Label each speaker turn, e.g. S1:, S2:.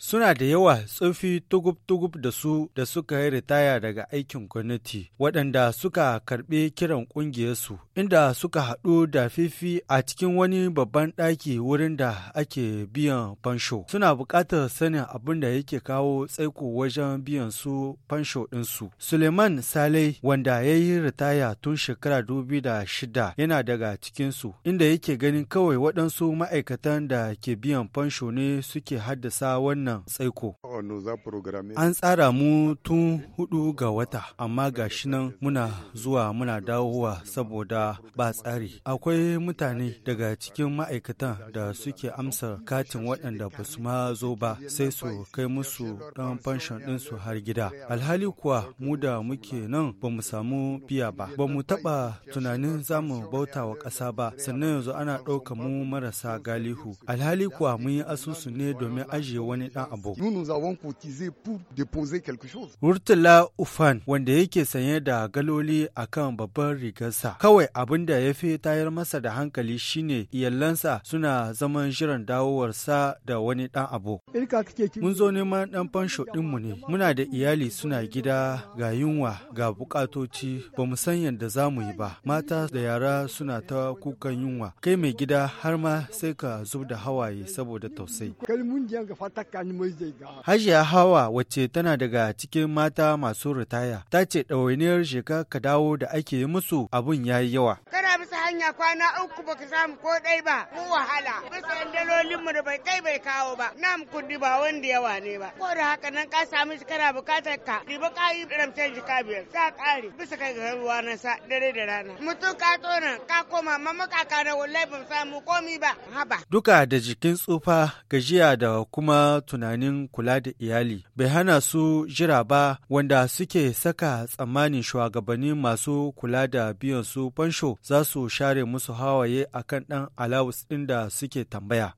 S1: Suna da yawa tsofi tugub-tugub da su da suka yi ritaya daga aikin gwamnati waɗanda suka karɓi kiran ƙungiyarsu inda suka haɗu da fifi a cikin wani babban ɗaki wurin da ake biyan fansho. Suna buƙatar sanin abin da yake kawo tsaiko wajen biyan su fansho ɗinsu. Suleiman sale wanda ya yi ritaya tun shekara dubi da shida yana daga cikinsu inda yake ganin kawai waɗansu ma'aikatan da ke biyan fansho ne suke haddasa wannan wannan tsaiko. Oh, An tsara mu tun hudu ga wata, amma ga shi nan muna zuwa muna dawowa saboda ba tsari. Akwai mutane daga cikin ma'aikatan da suke amsa katin waɗanda ba su ma zo ba sai su kai musu ɗan fanshon ɗinsu har gida. Alhali kuwa mu da muke nan ba mu samu biya ba. Ba mu taɓa tunanin za mu bauta wa ƙasa ba, sannan yanzu ana ɗauka mu marasa galihu. Alhali kuwa mun yi asusu ne domin ajiye wani ɗan abu. Wurtula Ufan wanda yake sanye da galoli a kan babban rigarsa. Kawai abinda ya fi tayar masa da hankali shine iyalansa suna zaman jiran sa da wani ɗan abu. Mun zo neman ɗan fansho ɗinmu ne. Muna da iyali suna gida ga yunwa ga bukatoci ba mu san yadda za mu yi ba. Mata da yara suna ta kukan yunwa. Kai mai gida har ma sai ka zub da hawaye saboda tausayi. Hajiya Hawa wacce tana daga cikin mata masu ritaya ta ce ɗawainiyar shiga ka dawo da ake yi musu abun ya yi yawa.
S2: hanya kwana uku baka samu ko ɗai ba mu wahala bisa dalolin mu da bai kai bai kawo ba Na mu kundi ba wanda yawa ne ba ko da haka nan ka samu shi kana bukatar ka riba ka yi ramtar jika biyar sa kare. bisa kai ga ruwa na sa dare da rana mutum ka tona ka koma mamma kaka na wallahi ban samu komi ba haba
S1: duka da jikin tsufa gajiya da kuma tunanin kula da iyali bai hana su jira ba wanda suke saka tsammanin shugabanni masu kula da biyan su fansho za su share musu hawaye akan ɗan alawus ɗin da suke tambaya.